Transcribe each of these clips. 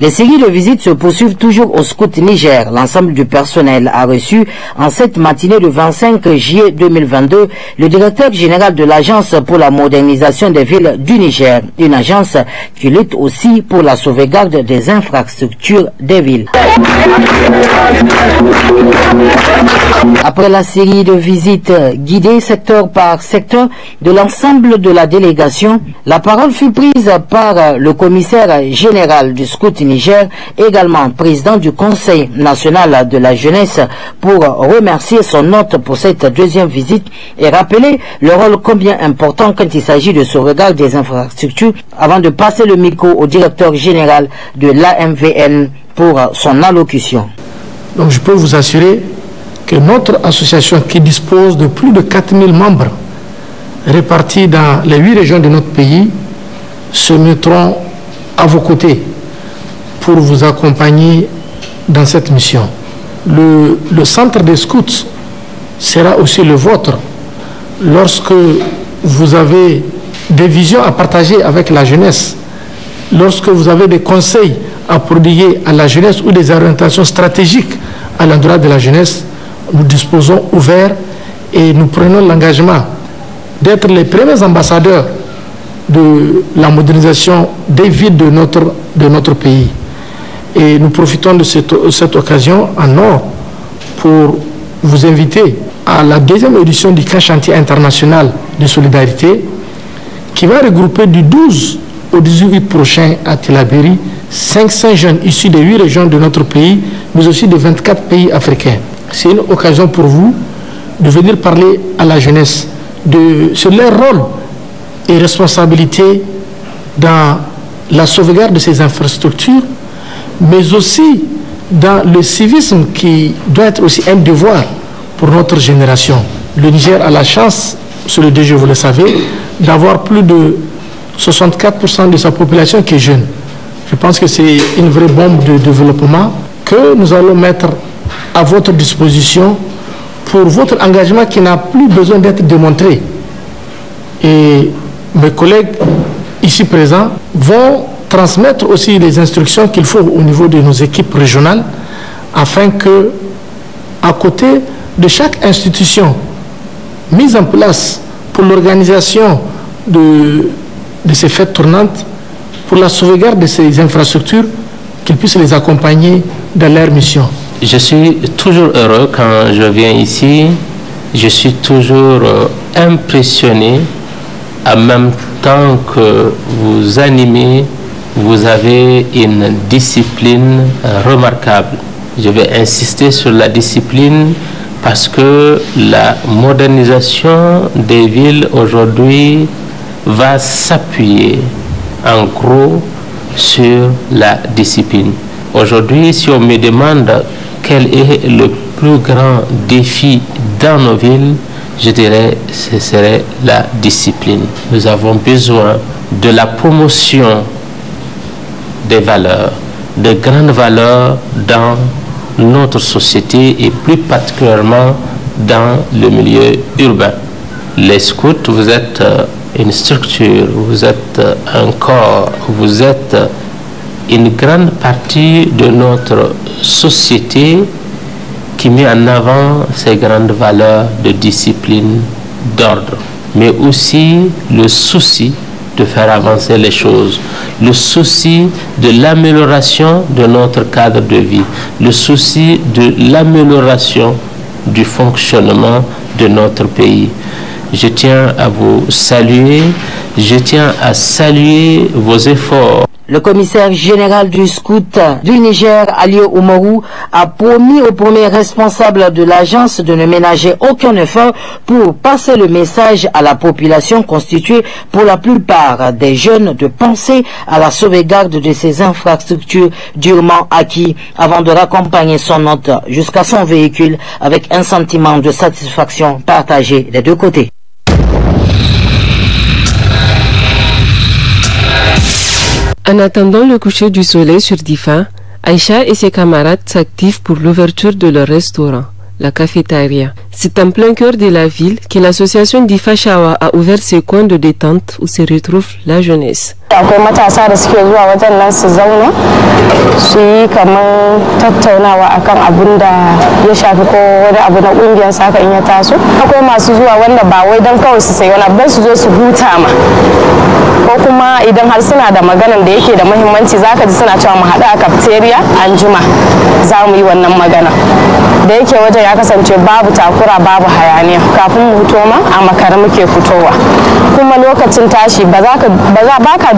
Les séries de visites se poursuivent toujours au Scout Niger. L'ensemble du personnel a reçu en cette matinée du 25 juillet 2022 le directeur général de l'Agence pour la modernisation des villes du Niger, une agence qui lutte aussi pour la sauvegarde des infrastructures des villes. Après la série de visites guidées secteur par secteur de l'ensemble de la délégation, la parole fut prise par le commissaire général du Scout Niger Niger, également président du Conseil national de la jeunesse, pour remercier son hôte pour cette deuxième visite et rappeler le rôle combien important quand il s'agit de ce regard des infrastructures avant de passer le micro au directeur général de l'AMVN pour son allocution. Donc je peux vous assurer que notre association qui dispose de plus de 4000 membres répartis dans les huit régions de notre pays se mettront à vos côtés pour vous accompagner dans cette mission. Le, centre des scouts sera aussi le vôtre lorsque vous avez des visions à partager avec la jeunesse, lorsque vous avez des conseils à prodiguer à la jeunesse ou des orientations stratégiques à l'endroit de la jeunesse, nous disposons ouverts et nous prenons l'engagement d'être les premiers ambassadeurs de la modernisation des villes de notre, de notre pays. Et nous profitons de cette, occasion en or pour vous inviter à la deuxième édition du Grand Chantier International de Solidarité qui va regrouper du 12 au 18 prochain à Telabéry 500 jeunes issus des 8 régions de notre pays, mais aussi de 24 pays africains. C'est une occasion pour vous de venir parler à la jeunesse de, sur leur rôle et responsabilité dans la sauvegarde de ces infrastructures mais aussi dans le civisme qui doit être aussi un devoir pour notre génération. Le Niger a la chance, sur le DG, vous le savez, d'avoir plus de 64% de sa population qui est jeune. Je pense que c'est une vraie bombe de développement que nous allons mettre à votre disposition pour votre engagement qui n'a plus besoin d'être démontré. Et mes collègues ici présents vont transmettre aussi les instructions qu'il faut au niveau de nos équipes régionales afin que, à côté de chaque institution mise en place pour l'organisation de, de ces fêtes tournantes, pour la sauvegarde de ces infrastructures, qu'ils puissent les accompagner dans leur mission. Je suis toujours heureux quand je viens ici. Je suis toujours euh, impressionné en même temps que vous animez vous avez une discipline euh, remarquable. Je vais insister sur la discipline parce que la modernisation des villes aujourd'hui va s'appuyer en gros sur la discipline. Aujourd'hui, si on me demande quel est le plus grand défi dans nos villes, je dirais ce serait la discipline. Nous avons besoin de la promotion des valeurs, de grandes valeurs dans notre société et plus particulièrement dans le milieu urbain. Les scouts, vous êtes euh, une structure, vous êtes euh, un corps, vous êtes euh, une grande partie de notre société qui met en avant ces grandes valeurs de discipline, d'ordre, mais aussi le souci de faire avancer les choses, le souci de l'amélioration de notre cadre de vie, le souci de l'amélioration du fonctionnement de notre pays. Je tiens à vous saluer, je tiens à saluer vos efforts le commissaire général du scout du Niger, Alio Oumarou, a promis au premier responsable de l'agence de ne ménager aucun effort pour passer le message à la population constituée pour la plupart des jeunes de penser à la sauvegarde de ces infrastructures durement acquis avant de raccompagner son hôte jusqu'à son véhicule avec un sentiment de satisfaction partagé des deux côtés. En attendant le coucher du soleil sur Difa, Aïcha et ses camarades s'activent pour l'ouverture de leur restaurant, la cafétéria. C'est en plein cœur de la ville que l'association Difa Shawa a ouvert ses coins de détente où se retrouve la jeunesse. akwai matasa da suke zuwa wajen nan su zauna su yi kamar tattaunawa akan abun da ya shafi ko wani abu na kungiyar saka in ya taso akwai masu zuwa wanda ba wai don kawai su sayi wani abu su zo su huta ma ko kuma idan har suna da maganan da yake da muhimmanci zaka ji suna cewa mu haɗu a cafeteria an juma za mu yi wannan magana da yake wajen ya kasance babu takura babu hayaniya kafin mu fito ma a makara muke fitowa kuma lokacin tashi ba za ka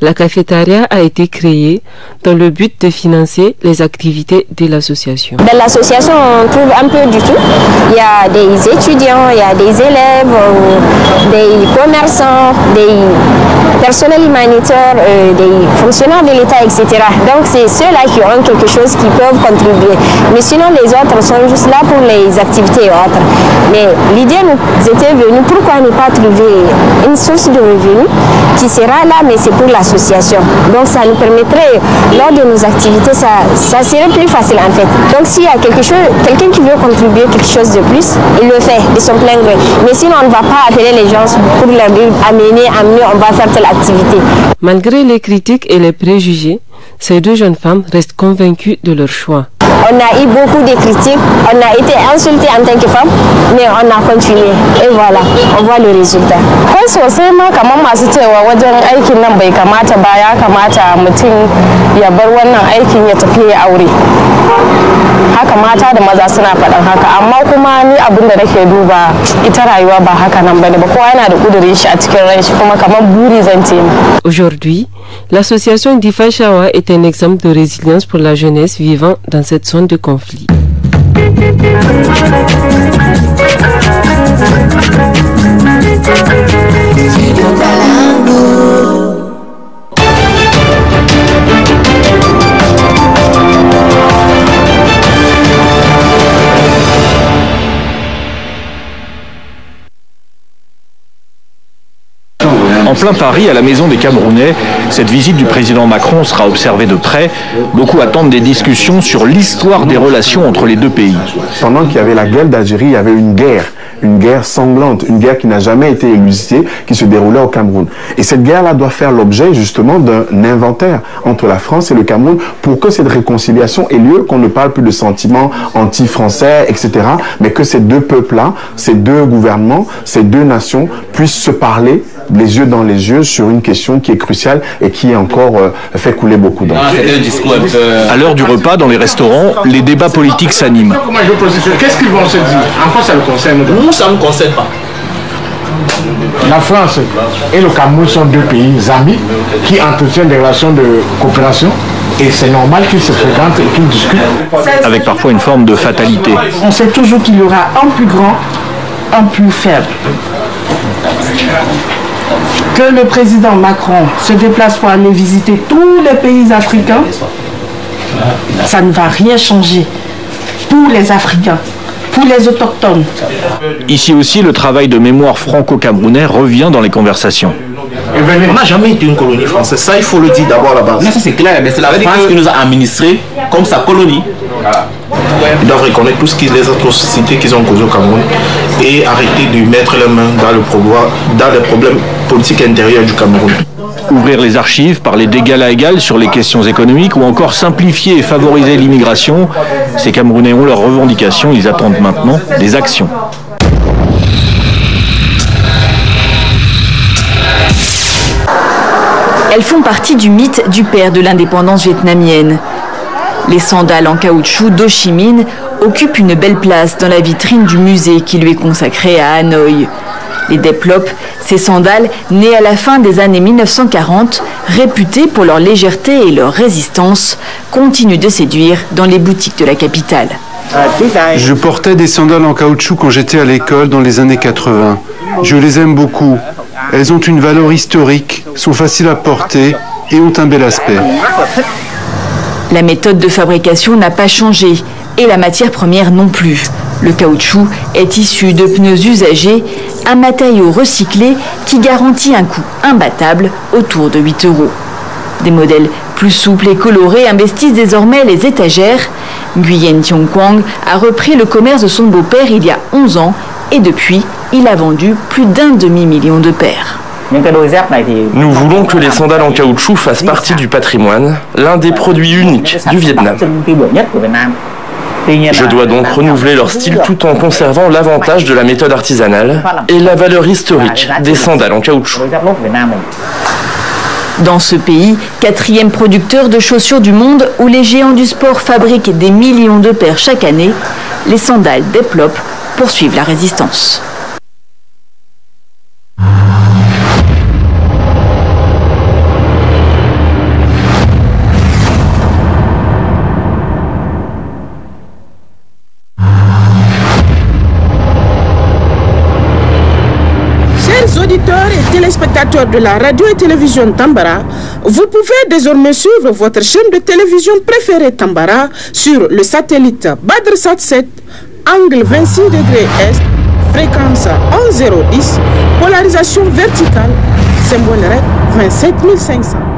la cafétéria a été créée dans le but de financer les activités de l'association. Dans l'association, on trouve un peu du tout. Il y a des étudiants, il y a des élèves, euh, des commerçants, des personnels humanitaires, euh, des fonctionnaires de l'État, etc. Donc c'est ceux-là qui ont quelque chose qui peuvent contribuer. Mais sinon, les autres sont juste là pour les activités et autres. Mais l'idée nous était venue, pourquoi ne pas trouver une source de revenus qui sera là, mais c'est pour la donc ça nous permettrait, lors de nos activités, ça, serait plus facile en fait. Donc s'il y a quelque chose, quelqu'un qui veut contribuer quelque chose de plus, il le fait de son plein gré. Mais sinon, on ne va pas appeler les gens pour leur dire amener, amener, on va faire telle activité. Malgré les critiques et les préjugés, ces deux jeunes femmes restent convaincues de leur choix on a eu beaucoup de critiques, on a été insulté en tant que femme, mais on a continué. Et voilà, on voit le résultat. Kai sosai ma kamar masu cewa wajen aikin nan bai kamata ba ya kamata mutum ya bar wannan aikin ya tafi ya aure. Haka mata da maza suna faɗan haka, amma kuma ni abin da nake duba ita rayuwa ba haka nan bane ba kowa yana da ƙudurin shi a cikin ran shi kuma kamar buri zan ce Aujourd'hui, l'association Difa Shawa est un exemple de résilience pour la jeunesse vivant dans cette zone de conflit. plein Paris, à la maison des Camerounais. Cette visite du président Macron sera observée de près. Beaucoup attendent des discussions sur l'histoire des relations entre les deux pays. Pendant qu'il y avait la guerre d'Algérie, il y avait une guerre, une guerre sanglante, une guerre qui n'a jamais été élucidée, qui se déroulait au Cameroun. Et cette guerre-là doit faire l'objet justement d'un inventaire entre la France et le Cameroun pour que cette réconciliation ait lieu, qu'on ne parle plus de sentiments anti-français, etc., mais que ces deux peuples-là, ces deux gouvernements, ces deux nations puissent se parler les yeux dans yeux sur une question qui est cruciale et qui est encore euh, fait couler beaucoup d'encre. Ah, à l'heure du repas, dans les restaurants, les débats politiques s'animent. Qu'est-ce qu'ils vont se dire En quoi ça le concerne Nous, ça ne nous concerne pas. La France et le Cameroun sont deux pays amis qui entretiennent des relations de coopération et c'est normal qu'ils se fréquentent et qu'ils discutent. Avec parfois une forme de fatalité. On sait toujours qu'il y aura un plus grand, un plus faible que le président Macron se déplace pour aller visiter tous les pays africains, ça ne va rien changer pour les Africains, pour les Autochtones. Ici aussi, le travail de mémoire franco-camerounais revient dans les conversations. On n'a jamais été une colonie française, ça il faut le dire d'abord à la base. c'est la France qui nous a administrés comme sa colonie. Ils doivent reconnaître tout ce qui les atrocités qu'ils ont causées au Cameroun et arrêter de mettre les mains dans, le dans les problèmes politique intérieure du Cameroun. Ouvrir les archives, parler d'égal à égal sur les questions économiques ou encore simplifier et favoriser l'immigration, ces Camerounais ont leurs revendications, ils attendent maintenant des actions. Elles font partie du mythe du père de l'indépendance vietnamienne. Les sandales en caoutchouc d'Ho Chi Minh occupent une belle place dans la vitrine du musée qui lui est consacré à Hanoï. Les déplopes ces sandales, nées à la fin des années 1940, réputées pour leur légèreté et leur résistance, continuent de séduire dans les boutiques de la capitale. Je portais des sandales en caoutchouc quand j'étais à l'école dans les années 80. Je les aime beaucoup. Elles ont une valeur historique, sont faciles à porter et ont un bel aspect. La méthode de fabrication n'a pas changé et la matière première non plus. Le caoutchouc est issu de pneus usagés, un matériau recyclé qui garantit un coût imbattable autour de 8 euros. Des modèles plus souples et colorés investissent désormais les étagères. Nguyen Quang a repris le commerce de son beau-père il y a 11 ans et depuis, il a vendu plus d'un demi-million de paires. Nous voulons que les sandales en caoutchouc fassent partie du patrimoine, l'un des produits uniques du Vietnam. Je dois donc renouveler leur style tout en conservant l'avantage de la méthode artisanale et la valeur historique des sandales en caoutchouc. Dans ce pays, quatrième producteur de chaussures du monde où les géants du sport fabriquent des millions de paires chaque année, les sandales Deplop poursuivent la résistance. et téléspectateurs de la radio et télévision Tambara, vous pouvez désormais suivre votre chaîne de télévision préférée Tambara sur le satellite BadrSat 7, angle 26 degrés Est, fréquence 1.0.10, polarisation verticale, symbole REC 27500.